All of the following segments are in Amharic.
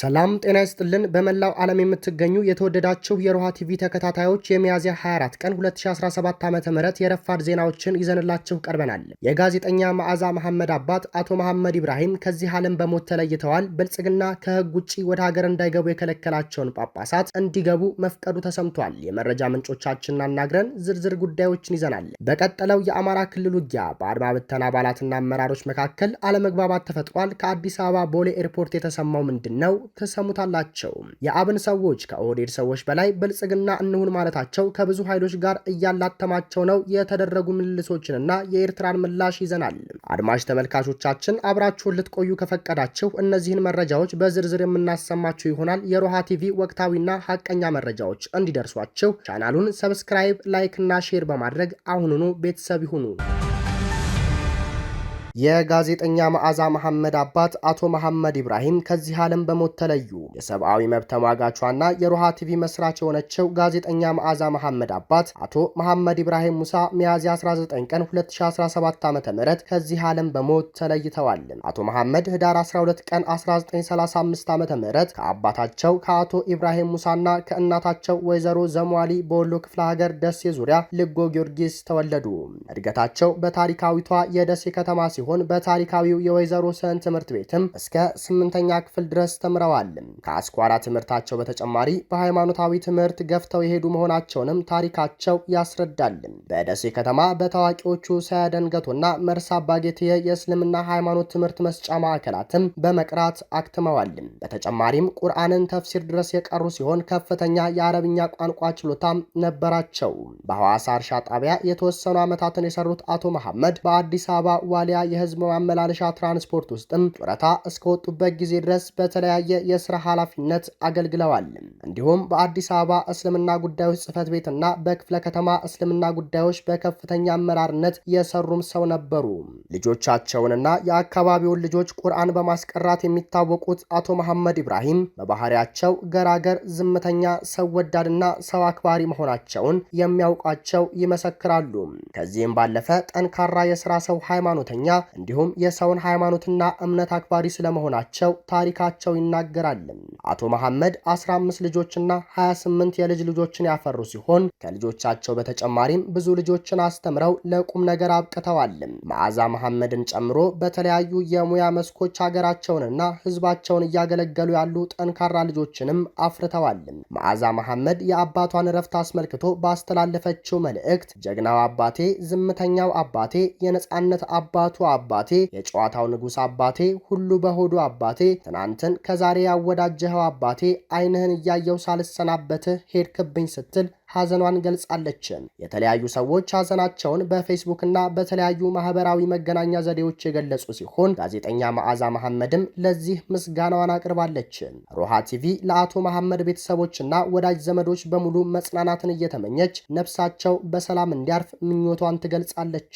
ሰላም ጤና ይስጥልን። በመላው ዓለም የምትገኙ የተወደዳችሁ የሮሃ ቲቪ ተከታታዮች የሚያዝያ 24 ቀን 2017 ዓ ም የረፋድ ዜናዎችን ይዘንላችሁ ቀርበናል። የጋዜጠኛ መዓዛ መሐመድ አባት አቶ መሐመድ ኢብራሂም ከዚህ ዓለም በሞት ተለይተዋል። ብልጽግና ከህግ ውጭ ወደ ሀገር እንዳይገቡ የከለከላቸውን ጳጳሳት እንዲገቡ መፍቀዱ ተሰምቷል። የመረጃ ምንጮቻችንን አናግረን ዝርዝር ጉዳዮችን ይዘናል። በቀጠለው የአማራ ክልል ውጊያ በአድማ አባላትና አመራሮች መካከል አለመግባባት ተፈጥሯል። ከአዲስ አበባ ቦሌ ኤርፖርት የተሰማው ምንድን ነው? ተሰሙታላቸው የአብን ሰዎች ከኦህዴድ ሰዎች በላይ ብልጽግና እንሁን ማለታቸው ከብዙ ኃይሎች ጋር እያላተማቸው ነው። የተደረጉ ምልልሶችንና የኤርትራን ምላሽ ይዘናል። አድማጭ ተመልካቾቻችን አብራችሁን ልትቆዩ ከፈቀዳችሁ እነዚህን መረጃዎች በዝርዝር የምናሰማችሁ ይሆናል። የሮሃ ቲቪ ወቅታዊና ሀቀኛ መረጃዎች እንዲደርሷችሁ ቻናሉን ሰብስክራይብ፣ ላይክ እና ሼር በማድረግ አሁኑኑ ቤተሰብ ይሁኑ። የጋዜጠኛ መዓዛ መሐመድ አባት አቶ መሐመድ ኢብራሂም ከዚህ ዓለም በሞት ተለዩ። የሰብአዊ መብት ተሟጋቿና የሮሃ ቲቪ መስራች የሆነችው ጋዜጠኛ መዓዛ መሐመድ አባት አቶ መሐመድ ኢብራሂም ሙሳ ሚያዝያ 19 ቀን 2017 ዓ.ም ከዚህ ዓለም በሞት ተለይተዋል። አቶ መሐመድ ህዳር 12 ቀን 1935 ዓ.ም ከአባታቸው ከአቶ ኢብራሂም ሙሳና ከእናታቸው ወይዘሮ ዘሟሊ በወሎ ክፍለ ሀገር ደሴ ዙሪያ ልጎ ጊዮርጊስ ተወለዱ። እድገታቸው በታሪካዊቷ የደሴ ከተማ ሲሆን ሲሆን በታሪካዊው የወይዘሮ ሰን ትምህርት ቤትም እስከ ስምንተኛ ክፍል ድረስ ተምረዋል። ከአስኳላ ትምህርታቸው በተጨማሪ በሃይማኖታዊ ትምህርት ገፍተው የሄዱ መሆናቸውንም ታሪካቸው ያስረዳል። በደሴ ከተማ በታዋቂዎቹ ሳያደንገቶና መርሳ አባጌትየ የእስልምና ሃይማኖት ትምህርት መስጫ ማዕከላትም በመቅራት አክትመዋል። በተጨማሪም ቁርአንን ተፍሲር ድረስ የቀሩ ሲሆን ከፍተኛ የአረብኛ ቋንቋ ችሎታም ነበራቸው። በሐዋሳ እርሻ ጣቢያ የተወሰኑ ዓመታትን የሰሩት አቶ መሐመድ በአዲስ አበባ ዋሊያ የህዝብ ማመላለሻ ትራንስፖርት ውስጥም ጡረታ እስከወጡበት ጊዜ ድረስ በተለያየ የስራ ኃላፊነት አገልግለዋል። እንዲሁም በአዲስ አበባ እስልምና ጉዳዮች ጽህፈት ቤትና በክፍለ ከተማ እስልምና ጉዳዮች በከፍተኛ አመራርነት የሰሩም ሰው ነበሩ። ልጆቻቸውንና የአካባቢውን ልጆች ቁርአን በማስቀራት የሚታወቁት አቶ መሐመድ ኢብራሂም በባህሪያቸው ገራገር፣ ዝምተኛ፣ ሰው ወዳድና ሰው አክባሪ መሆናቸውን የሚያውቋቸው ይመሰክራሉ። ከዚህም ባለፈ ጠንካራ የስራ ሰው፣ ሃይማኖተኛ፣ እንዲሁም የሰውን ሃይማኖትና እምነት አክባሪ ስለመሆናቸው ታሪካቸው ይናገራል። አቶ መሐመድ 15 ልጆችና 28 የልጅ ልጆችን ያፈሩ ሲሆን ከልጆቻቸው በተጨማሪም ብዙ ልጆችን አስተምረው ለቁም ነገር አብቅተዋል። መዓዛ መሐመድን ጨምሮ በተለያዩ የሙያ መስኮች ሀገራቸውንና ህዝባቸውን እያገለገሉ ያሉ ጠንካራ ልጆችንም አፍርተዋል። መዓዛ መሐመድ የአባቷን እረፍት አስመልክቶ ባስተላለፈችው መልእክት ጀግናው አባቴ፣ ዝምተኛው አባቴ፣ የነጻነት አባቱ አባቴ፣ የጨዋታው ንጉሥ አባቴ፣ ሁሉ በሆዱ አባቴ፣ ትናንትን ከዛሬ ያወዳጀኸው አባቴ፣ ዓይንህን እያየው ሳልሰናበትህ ሄድክብኝ ስትል ሐዘኗን ገልጻለች። የተለያዩ ሰዎች ሐዘናቸውን በፌስቡክ በተለያዩ ማህበራዊ መገናኛ ዘዴዎች የገለጹ ሲሆን ጋዜጠኛ መዓዛ መሐመድም ለዚህ ምስጋናዋን አቅርባለች። ሮሃ ቲቪ ለአቶ መሐመድ ቤተሰቦችና ወዳጅ ዘመዶች በሙሉ መጽናናትን እየተመኘች ነፍሳቸው በሰላም እንዲያርፍ ምኞቷን ትገልጻለች።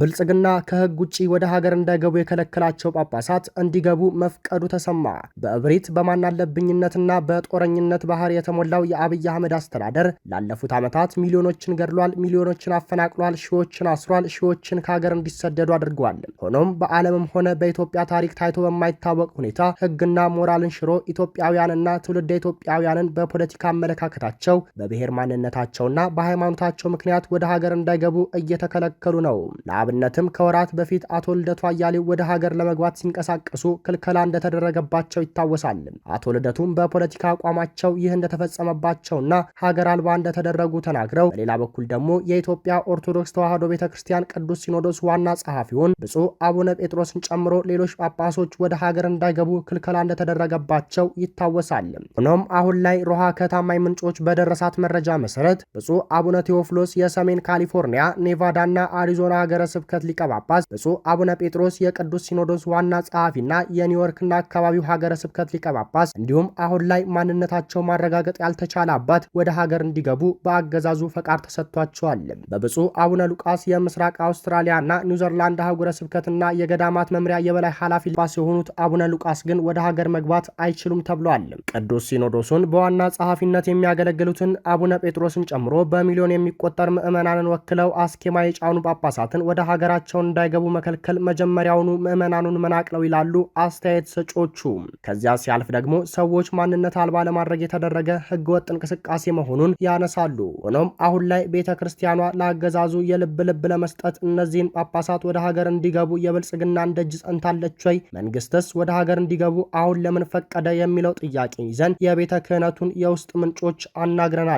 ብልጽግና ከህግ ውጭ ወደ ሀገር እንዳይገቡ የከለከላቸው ጳጳሳት እንዲገቡ መፍቀዱ ተሰማ። በእብሪት በማናለብኝነትና በጦረኝነት ባህር የተሞላው የአብይ አህመድ አስተዳደር ላለፉት ዓመታት ሚሊዮኖችን ገድሏል፣ ሚሊዮኖችን አፈናቅሏል፣ ሺዎችን አስሯል፣ ሺዎችን ከሀገር እንዲሰደዱ አድርጓል። ሆኖም በዓለምም ሆነ በኢትዮጵያ ታሪክ ታይቶ በማይታወቅ ሁኔታ ህግና ሞራልን ሽሮ ኢትዮጵያውያንና ትውልደ ኢትዮጵያውያንን በፖለቲካ አመለካከታቸው በብሔር ማንነታቸውና በሃይማኖታቸው ምክንያት ወደ ሀገር እንዳይገቡ እየተከለከሉ ነው። ለአብነትም ከወራት በፊት አቶ ልደቱ አያሌው ወደ ሀገር ለመግባት ሲንቀሳቀሱ ክልከላ እንደተደረገባቸው ይታወሳል። አቶ ልደቱም በፖለቲካ አቋማቸው ይህ እንደተፈጸመባቸውና ሀገር አልባ እንደተደረጉ ተናግረው፣ በሌላ በኩል ደግሞ የኢትዮጵያ ኦርቶዶክስ ተዋሕዶ ቤተ ክርስቲያን ቅዱስ ሲኖዶስ ዋና ጸሐፊውን ብፁዕ አቡነ ጴጥሮስን ጨምሮ ሌሎች ጳጳሶች ወደ ሀገር እንዳይገቡ ክልከላ እንደተደረገባቸው ይታወሳል። ሆኖም አሁን ላይ ሮሃ ከታማኝ ምንጮች በደረሳት መረጃ መሰረት ብፁዕ አቡነ ቴዎፍሎስ የሰሜን ካሊፎርኒያ፣ ኔቫዳና አሪዞና ሀገረ ስብከት ሊቀ ጳጳስ ብፁዕ አቡነ ጴጥሮስ የቅዱስ ሲኖዶስ ዋና ጸሐፊና የኒውዮርክና አካባቢው ሀገረ ስብከት ሊቀ ጳጳስ እንዲሁም አሁን ላይ ማንነታቸው ማረጋገጥ ያልተቻለ አባት ወደ ሀገር እንዲገቡ በአገዛዙ ፈቃድ ተሰጥቷቸዋል። በብፁዕ አቡነ ሉቃስ የምስራቅ አውስትራሊያና ኒውዘርላንድ አህጉረ ስብከትና የገዳማት መምሪያ የበላይ ኃላፊ ጳጳስ የሆኑት አቡነ ሉቃስ ግን ወደ ሀገር መግባት አይችሉም ተብሏል። ቅዱስ ሲኖዶሱን በዋና ጸሐፊነት የሚያገለግሉትን አቡነ ጴጥሮስን ጨምሮ በሚሊዮን የሚቆጠር ምዕመናንን ወክለው አስኬማ የጫኑ ጳጳሳትን ወደ ሀገራቸው እንዳይገቡ መከልከል መጀመሪያውኑ ምዕመናኑን መናቅ ነው ይላሉ አስተያየት ሰጮቹ ከዚያ ሲያልፍ ደግሞ ሰዎች ማንነት አልባ ለማድረግ የተደረገ ህገወጥ እንቅስቃሴ መሆኑን ያነሳሉ። ሆኖም አሁን ላይ ቤተ ክርስቲያኗ ለአገዛዙ የልብ ልብ ለመስጠት እነዚህን ጳጳሳት ወደ ሀገር እንዲገቡ የብልጽግና እንደጅ ጸንታለች ወይ? መንግስትስ ወደ ሀገር እንዲገቡ አሁን ለምን ፈቀደ? የሚለው ጥያቄ ይዘን የቤተ ክህነቱን የውስጥ ምንጮች አናግረናል።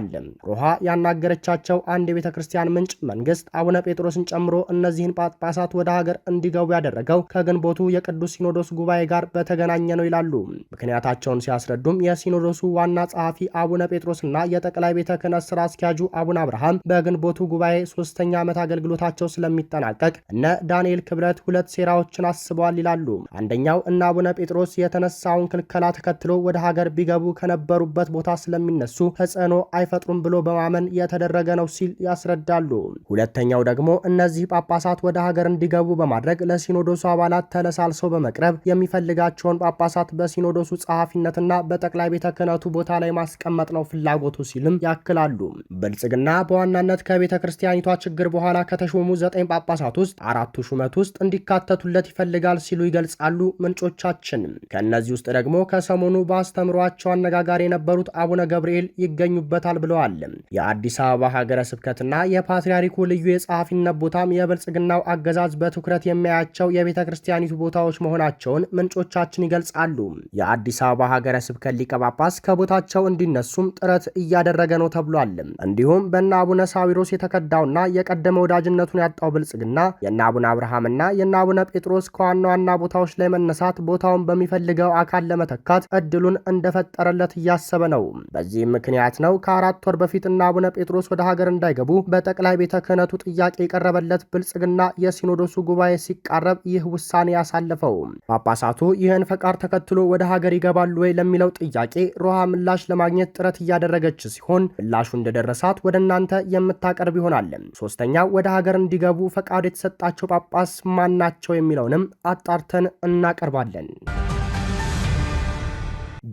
ሮሃ ያናገረቻቸው አንድ የቤተ ክርስቲያን ምንጭ መንግስት አቡነ ጴጥሮስን ጨምሮ እነዚህ እነዚህን ጳጳሳት ወደ ሀገር እንዲገቡ ያደረገው ከግንቦቱ የቅዱስ ሲኖዶስ ጉባኤ ጋር በተገናኘ ነው ይላሉ። ምክንያታቸውን ሲያስረዱም የሲኖዶሱ ዋና ጸሐፊ አቡነ ጴጥሮስና የጠቅላይ ቤተ ክህነት ስራ አስኪያጁ አቡነ አብርሃም በግንቦቱ ጉባኤ ሶስተኛ ዓመት አገልግሎታቸው ስለሚጠናቀቅ እነ ዳንኤል ክብረት ሁለት ሴራዎችን አስበዋል ይላሉ። አንደኛው እነ አቡነ ጴጥሮስ የተነሳውን ክልከላ ተከትሎ ወደ ሀገር ቢገቡ ከነበሩበት ቦታ ስለሚነሱ ተጽዕኖ አይፈጥሩም ብሎ በማመን የተደረገ ነው ሲል ያስረዳሉ። ሁለተኛው ደግሞ እነዚህ ጳጳ ጳጳሳት ወደ ሀገር እንዲገቡ በማድረግ ለሲኖዶሱ አባላት ተለሳልሰው በመቅረብ የሚፈልጋቸውን ጳጳሳት በሲኖዶሱ ጸሐፊነትና በጠቅላይ ቤተ ክህነቱ ቦታ ላይ ማስቀመጥ ነው ፍላጎቱ ሲልም ያክላሉ። ብልጽግና በዋናነት ከቤተ ክርስቲያኒቷ ችግር በኋላ ከተሾሙ ዘጠኝ ጳጳሳት ውስጥ አራቱ ሹመት ውስጥ እንዲካተቱለት ይፈልጋል ሲሉ ይገልጻሉ ምንጮቻችን። ከእነዚህ ውስጥ ደግሞ ከሰሞኑ በአስተምሯቸው አነጋጋሪ የነበሩት አቡነ ገብርኤል ይገኙበታል ብለዋል። የአዲስ አበባ ሀገረ ስብከትና የፓትርያርኩ ልዩ የጸሐፊነት ቦታም የብል የብልጽግናው አገዛዝ በትኩረት የሚያያቸው የቤተ ክርስቲያኒቱ ቦታዎች መሆናቸውን ምንጮቻችን ይገልጻሉ። የአዲስ አበባ ሀገረ ስብከት ሊቀ ጳጳስ ከቦታቸው እንዲነሱም ጥረት እያደረገ ነው ተብሏል። እንዲሁም በእነ አቡነ ሳዊሮስ የተከዳውና የቀደመ ወዳጅነቱን ያጣው ብልጽግና የእነ አቡነ አብርሃምና የእነ አቡነ ጴጥሮስ ከዋና ዋና ቦታዎች ላይ መነሳት ቦታውን በሚፈልገው አካል ለመተካት እድሉን እንደፈጠረለት እያሰበ ነው። በዚህም ምክንያት ነው ከአራት ወር በፊት እነ አቡነ ጴጥሮስ ወደ ሀገር እንዳይገቡ በጠቅላይ ቤተ ክህነቱ ጥያቄ የቀረበለት ብልጽ ብልጽግና የሲኖዶሱ ጉባኤ ሲቃረብ ይህ ውሳኔ ያሳለፈው። ጳጳሳቱ ይህን ፈቃድ ተከትሎ ወደ ሀገር ይገባሉ ወይ ለሚለው ጥያቄ ሮሃ ምላሽ ለማግኘት ጥረት እያደረገች ሲሆን ምላሹ እንደደረሳት ወደ እናንተ የምታቀርብ ይሆናል። ሶስተኛ ወደ ሀገር እንዲገቡ ፈቃድ የተሰጣቸው ጳጳስ ማን ናቸው የሚለውንም አጣርተን እናቀርባለን።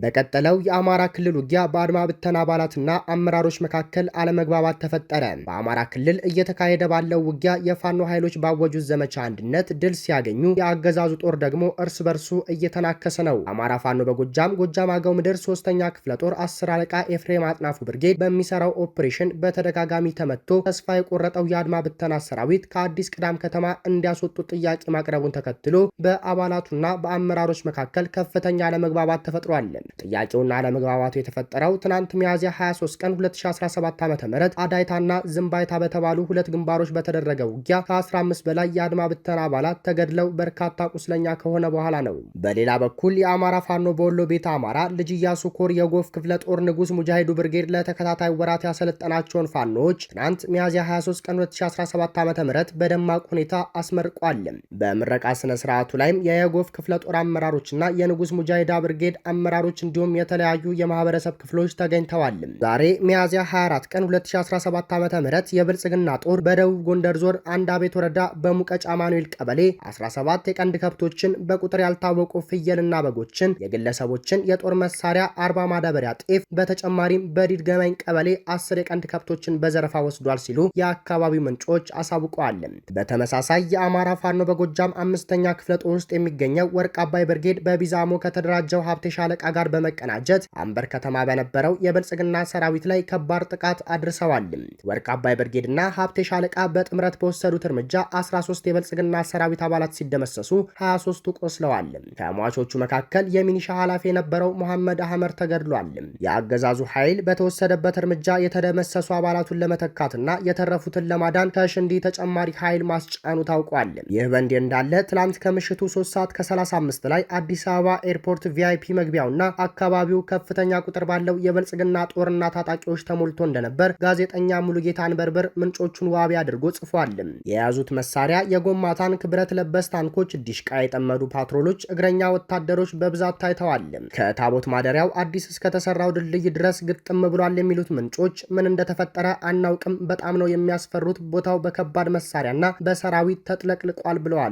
በቀጠለው የአማራ ክልል ውጊያ በአድማ ብተን አባላትና አመራሮች መካከል አለመግባባት ተፈጠረ። በአማራ ክልል እየተካሄደ ባለው ውጊያ የፋኖ ኃይሎች ባወጁት ዘመቻ አንድነት ድል ሲያገኙ፣ የአገዛዙ ጦር ደግሞ እርስ በርሱ እየተናከሰ ነው። አማራ ፋኖ በጎጃም ጎጃም አገው ምድር ሶስተኛ ክፍለ ጦር አስር አለቃ ኤፍሬም አጥናፉ ብርጌድ በሚሰራው ኦፕሬሽን በተደጋጋሚ ተመቶ ተስፋ የቆረጠው የአድማ ብተና ሰራዊት ከአዲስ ቅዳም ከተማ እንዲያስወጡ ጥያቄ ማቅረቡን ተከትሎ በአባላቱና በአመራሮች መካከል ከፍተኛ አለመግባባት ተፈጥሯል። ጥያቄውና አለመግባባቱ የተፈጠረው ትናንት ሚያዝያ 23 ቀን 2017 ዓ ም አዳይታና ዝምባይታ በተባሉ ሁለት ግንባሮች በተደረገ ውጊያ ከ15 በላይ የአድማ ብተና አባላት ተገድለው በርካታ ቁስለኛ ከሆነ በኋላ ነው። በሌላ በኩል የአማራ ፋኖ በወሎ ቤተ አማራ ልጅ እያሱ ኮር የጎፍ ክፍለ ጦር ንጉስ ሙጃሂዱ ብርጌድ ለተከታታይ ወራት ያሰለጠናቸውን ፋኖዎች ትናንት ሚያዝያ 23 ቀን 2017 ዓ ም በደማቅ ሁኔታ አስመርቋል። በምረቃ ስነ ስርዓቱ ላይም የየጎፍ ክፍለ ጦር አመራሮችና የንጉስ ሙጃሂዳ ብርጌድ አመራሮች እንዲሁም የተለያዩ የማህበረሰብ ክፍሎች ተገኝተዋል። ዛሬ ሚያዝያ 24 ቀን 2017 ዓ ም የብልጽግና ጦር በደቡብ ጎንደር ዞን አንዳቤት ወረዳ በሙቀጫ አማኑኤል ቀበሌ 17 የቀንድ ከብቶችን በቁጥር ያልታወቁ ፍየልና በጎችን፣ የግለሰቦችን የጦር መሳሪያ፣ 40 ማዳበሪያ ጤፍ፣ በተጨማሪም በዲድ ቀበሌ 10 የቀንድ ከብቶችን በዘረፋ ወስዷል ሲሉ የአካባቢው ምንጮች አሳውቀዋል። በተመሳሳይ የአማራ ፋኖ በጎጃም አምስተኛ ክፍለ ጦር ውስጥ የሚገኘው ወርቅ አባይ ብርጌድ በቢዛሞ ከተደራጀው ሀብቴ ሻለቃ ጋር ጋር በመቀናጀት አንበር ከተማ በነበረው የብልጽግና ሰራዊት ላይ ከባድ ጥቃት አድርሰዋል። ወርቅ አባይ ብርጌድና ሀብቴ ሻለቃ በጥምረት በወሰዱት እርምጃ 13 የብልጽግና ሰራዊት አባላት ሲደመሰሱ 23ቱ ቆስለዋል። ከሟቾቹ መካከል የሚኒሻ ኃላፊ የነበረው መሐመድ አህመድ ተገድሏል። የአገዛዙ ኃይል በተወሰደበት እርምጃ የተደመሰሱ አባላቱን ለመተካትና የተረፉትን ለማዳን ከሽንዲ ተጨማሪ ኃይል ማስጫኑ ታውቋል። ይህ በእንዲህ እንዳለ ትላንት ከምሽቱ 3 ሰዓት ከ35 ላይ አዲስ አበባ ኤርፖርት ቪአይፒ መግቢያውና አካባቢው ከፍተኛ ቁጥር ባለው የብልጽግና ጦርና ታጣቂዎች ተሞልቶ እንደነበር ጋዜጠኛ ሙሉጌታ አንበርበር ምንጮቹን ዋቢ አድርጎ ጽፏል። የያዙት መሳሪያ የጎማ ታንክ፣ ብረት ለበስ ታንኮች፣ ዲሽቃ የጠመዱ ፓትሮሎች፣ እግረኛ ወታደሮች በብዛት ታይተዋል። ከታቦት ማደሪያው አዲስ እስከተሰራው ድልድይ ድረስ ግጥም ብሏል የሚሉት ምንጮች ምን እንደተፈጠረ አናውቅም፣ በጣም ነው የሚያስፈሩት፣ ቦታው በከባድ መሳሪያና በሰራዊት ተጥለቅልቋል ብለዋል።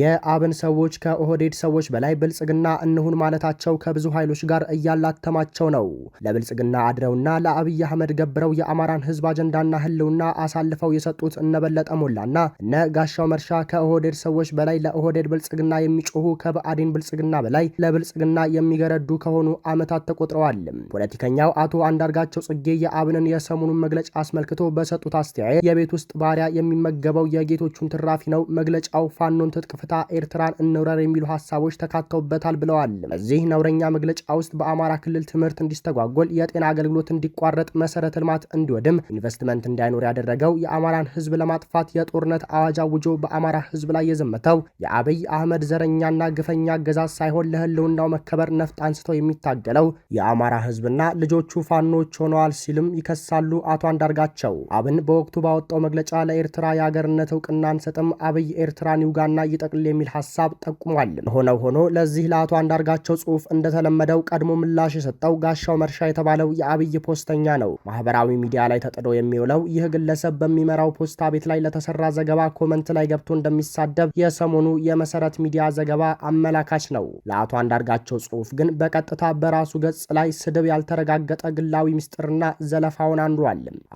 የአብን ሰዎች ከኦህዴድ ሰዎች በላይ ብልጽግና እንሁን ማለታቸው ከብዙ ኃይሎች ጋር እያላተማቸው ነው። ለብልጽግና አድረውና ለአብይ አህመድ ገብረው የአማራን ህዝብ አጀንዳና ህልውና አሳልፈው የሰጡት እነበለጠ ሞላና እነ ጋሻው መርሻ ከኦህዴድ ሰዎች በላይ ለኦህዴድ ብልጽግና የሚጮሁ ከብአዴን ብልጽግና በላይ ለብልጽግና የሚገረዱ ከሆኑ ዓመታት ተቆጥረዋል። ፖለቲከኛው አቶ አንዳርጋቸው ጽጌ የአብንን የሰሞኑን መግለጫ አስመልክቶ በሰጡት አስተያየት የቤት ውስጥ ባሪያ የሚመገበው የጌቶቹን ትራፊ ነው። መግለጫው ፋኖን ትጥቅ ፍታ ኤርትራን እንውረር የሚሉ ሀሳቦች ተካተውበታል ብለዋል። በዚህ ነውረኛ መግለጫ ውስጥ በአማራ ክልል ትምህርት እንዲስተጓጎል፣ የጤና አገልግሎት እንዲቋረጥ፣ መሰረተ ልማት እንዲወድም፣ ኢንቨስትመንት እንዳይኖር ያደረገው የአማራን ህዝብ ለማጥፋት የጦርነት አዋጅ አውጆ በአማራ ህዝብ ላይ የዘመተው የአብይ አህመድ ዘረኛና ግፈኛ አገዛዝ ሳይሆን ለህልውናው መከበር ነፍጥ አንስተው የሚታገለው የአማራ ህዝብና ልጆቹ ፋኖች ሆነዋል ሲልም ይከሳሉ አቶ አንዳርጋቸው። አብን በወቅቱ ባወጣው መግለጫ ለኤርትራ የአገርነት እውቅና አንሰጥም፣ አብይ ኤርትራን ይውጋና ይጠቅ ያጠቃልል የሚል ሀሳብ ጠቁሟል። ሆነው ሆኖ ለዚህ ለአቶ አንዳርጋቸው ጽሁፍ እንደተለመደው ቀድሞ ምላሽ የሰጠው ጋሻው መርሻ የተባለው የአብይ ፖስተኛ ነው። ማህበራዊ ሚዲያ ላይ ተጥዶ የሚውለው ይህ ግለሰብ በሚመራው ፖስታ ቤት ላይ ለተሰራ ዘገባ ኮመንት ላይ ገብቶ እንደሚሳደብ የሰሞኑ የመሰረት ሚዲያ ዘገባ አመላካች ነው። ለአቶ አንዳርጋቸው ጽሁፍ ግን በቀጥታ በራሱ ገጽ ላይ ስድብ ያልተረጋገጠ ግላዊ ምስጢርና ዘለፋውን አንዷል።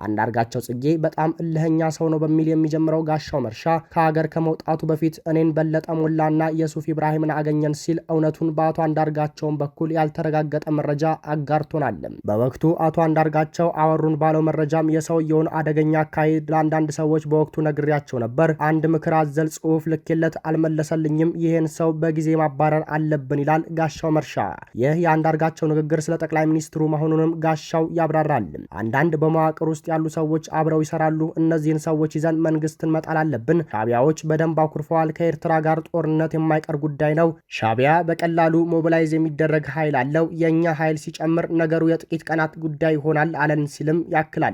አንዳርጋቸው ጽጌ በጣም እልህኛ ሰው ነው በሚል የሚጀምረው ጋሻው መርሻ ከሀገር ከመውጣቱ በፊት እኔን በ በለጠ ሞላና የሱፍ ኢብራሂምን አገኘን ሲል እውነቱን በአቶ አንዳርጋቸውን በኩል ያልተረጋገጠ መረጃ አጋርቶናል። በወቅቱ አቶ አንዳርጋቸው አወሩን ባለው መረጃም የሰውየውን አደገኛ አካሄድ ለአንዳንድ ሰዎች በወቅቱ ነግሬያቸው ነበር። አንድ ምክር አዘል ጽሑፍ ልኬለት አልመለሰልኝም። ይህን ሰው በጊዜ ማባረር አለብን ይላል ጋሻው መርሻ። ይህ የአንዳርጋቸው ንግግር ስለ ጠቅላይ ሚኒስትሩ መሆኑንም ጋሻው ያብራራል። አንዳንድ በመዋቅር ውስጥ ያሉ ሰዎች አብረው ይሰራሉ። እነዚህን ሰዎች ይዘን መንግስትን መጣል አለብን። ሻቢያዎች በደንብ አኩርፈዋል። ከኤርትራ ከኤርትራ ጋር ጦርነት የማይቀር ጉዳይ ነው። ሻቢያ በቀላሉ ሞቢላይዝ የሚደረግ ኃይል አለው። የእኛ ኃይል ሲጨምር ነገሩ የጥቂት ቀናት ጉዳይ ይሆናል አለን ሲልም ያክላል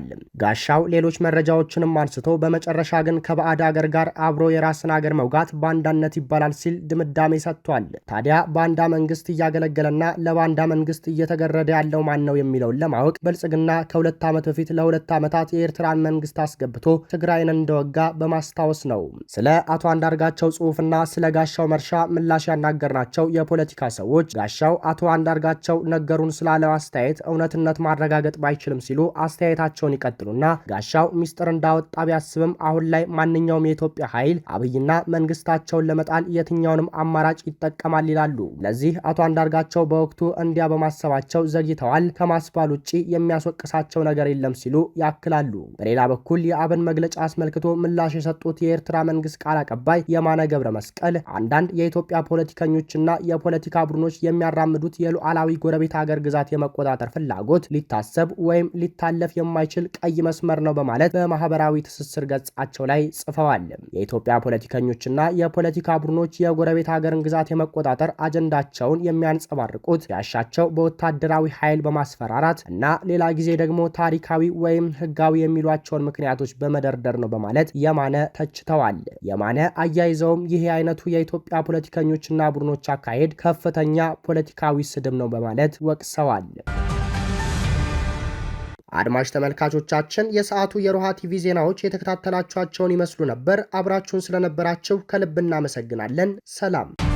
ጋሻው። ሌሎች መረጃዎችንም አንስቶ በመጨረሻ ግን ከባዕድ አገር ጋር አብሮ የራስን አገር መውጋት ባንዳነት ይባላል ሲል ድምዳሜ ሰጥቷል። ታዲያ ባንዳ መንግስት እያገለገለና ለባንዳ መንግስት እየተገረደ ያለው ማን ነው የሚለውን ለማወቅ ብልጽግና ከሁለት ዓመት በፊት ለሁለት ዓመታት የኤርትራን መንግስት አስገብቶ ትግራይን እንደወጋ በማስታወስ ነው። ስለ አቶ አንዳርጋቸው ጽሑፍ መጽሐፍና ስለ ጋሻው መርሻ ምላሽ ያናገርናቸው የፖለቲካ ሰዎች ጋሻው አቶ አንዳርጋቸው ነገሩን ስላለው አስተያየት እውነትነት ማረጋገጥ ባይችልም ሲሉ አስተያየታቸውን ይቀጥሉና ጋሻው ሚስጥር እንዳወጣ ቢያስብም አሁን ላይ ማንኛውም የኢትዮጵያ ኃይል አብይና መንግስታቸውን ለመጣል የትኛውንም አማራጭ ይጠቀማል ይላሉ። ለዚህ አቶ አንዳርጋቸው በወቅቱ እንዲያ በማሰባቸው ዘግይተዋል ከማስባል ውጭ የሚያስወቅሳቸው ነገር የለም ሲሉ ያክላሉ። በሌላ በኩል የአብን መግለጫ አስመልክቶ ምላሽ የሰጡት የኤርትራ መንግስት ቃል አቀባይ የማነ ገብረ መስቀል አንዳንድ የኢትዮጵያ ፖለቲከኞችና የፖለቲካ ቡድኖች የሚያራምዱት የሉዓላዊ ጎረቤት ሀገር ግዛት የመቆጣጠር ፍላጎት ሊታሰብ ወይም ሊታለፍ የማይችል ቀይ መስመር ነው በማለት በማህበራዊ ትስስር ገጻቸው ላይ ጽፈዋል። የኢትዮጵያ ፖለቲከኞችና የፖለቲካ ቡድኖች የጎረቤት ሀገርን ግዛት የመቆጣጠር አጀንዳቸውን የሚያንጸባርቁት ያሻቸው በወታደራዊ ኃይል በማስፈራራት እና ሌላ ጊዜ ደግሞ ታሪካዊ ወይም ህጋዊ የሚሏቸውን ምክንያቶች በመደርደር ነው በማለት የማነ ተችተዋል። የማነ አያይዘውም ይህ ይህ አይነቱ የኢትዮጵያ ፖለቲከኞችና ቡድኖች አካሄድ ከፍተኛ ፖለቲካዊ ስድብ ነው በማለት ወቅሰዋል። አድማጭ ተመልካቾቻችን የሰዓቱ የሮሃ ቲቪ ዜናዎች የተከታተላችኋቸውን ይመስሉ ነበር። አብራችሁን ስለነበራችሁ ከልብ እናመሰግናለን። ሰላም